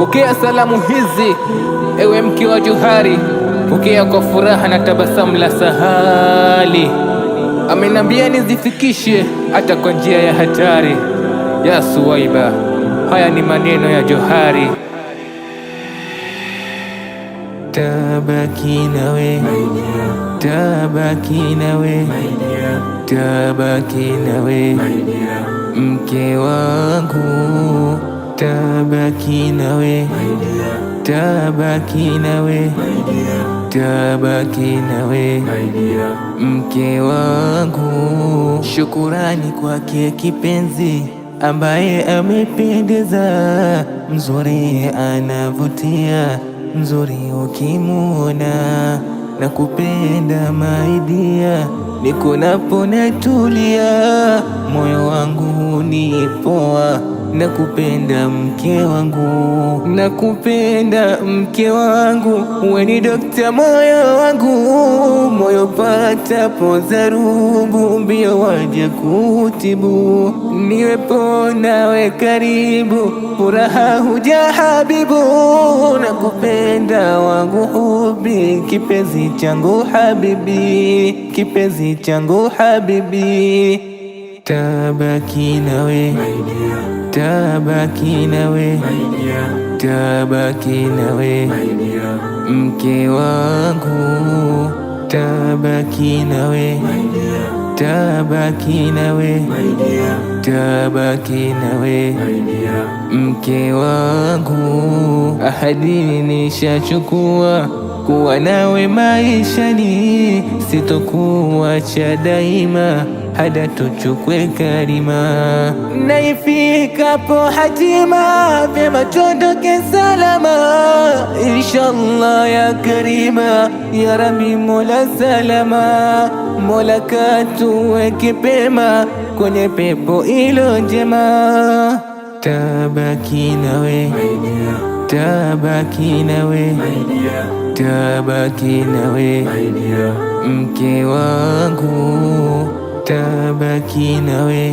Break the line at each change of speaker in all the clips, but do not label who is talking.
Pokea salamu hizi ewe mke wa Johari, pokea kwa furaha na tabasamu la sahali. Amenambia nizifikishe hata kwa njia ya hatari. Ya Suwaiba, haya ni maneno ya Johari.
Tabaki nawe, tabaki nawe, tabaki nawe mke wangu tabaki nawe, tabaki nawe, tabaki nawe, mke wangu. Shukurani kwake kipenzi ambaye amependeza, mzuri anavutia, mzuri ukimwona na kupenda maidia, nikunapo natulia, moyo wangu nipoa nakupenda mke wangu, nakupenda mke wangu, we ni dokta moyo wangu, moyo po zarubu, mbio waja kutibu, niwepo nawe karibu, furaha huja habibu, nakupenda wangu hubi, kipenzi changu habibi, kipenzi changu habibi, tabaki nawe tabaki nawe, tabaki nawe, mke wangu, tabaki nawe, tabaki nawe, tabaki nawe, mke wangu, ahadi nishachukua kuwa nawe maishani, sitokuacha daima, hada tuchukwe karima, na ifikapo hatima, vyema tuondoke salama, inshallah ya karima, ya rabi mola salama, mola katuweke pema kwenye pepo ilo njema, tabaki nawe tabaki nawe tabaki nawe mke wangu, tabaki nawe,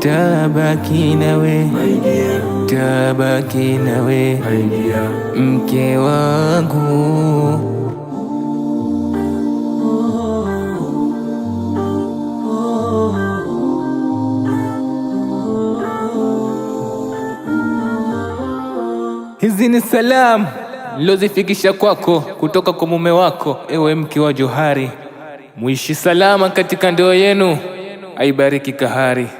tabaki nawe, tabaki nawe mke wangu.
Hizi ni salamu nilozifikisha kwako kutoka kwa mume wako, ewe mke wa Johari, muishi salama katika ndoa yenu, aibariki kahari.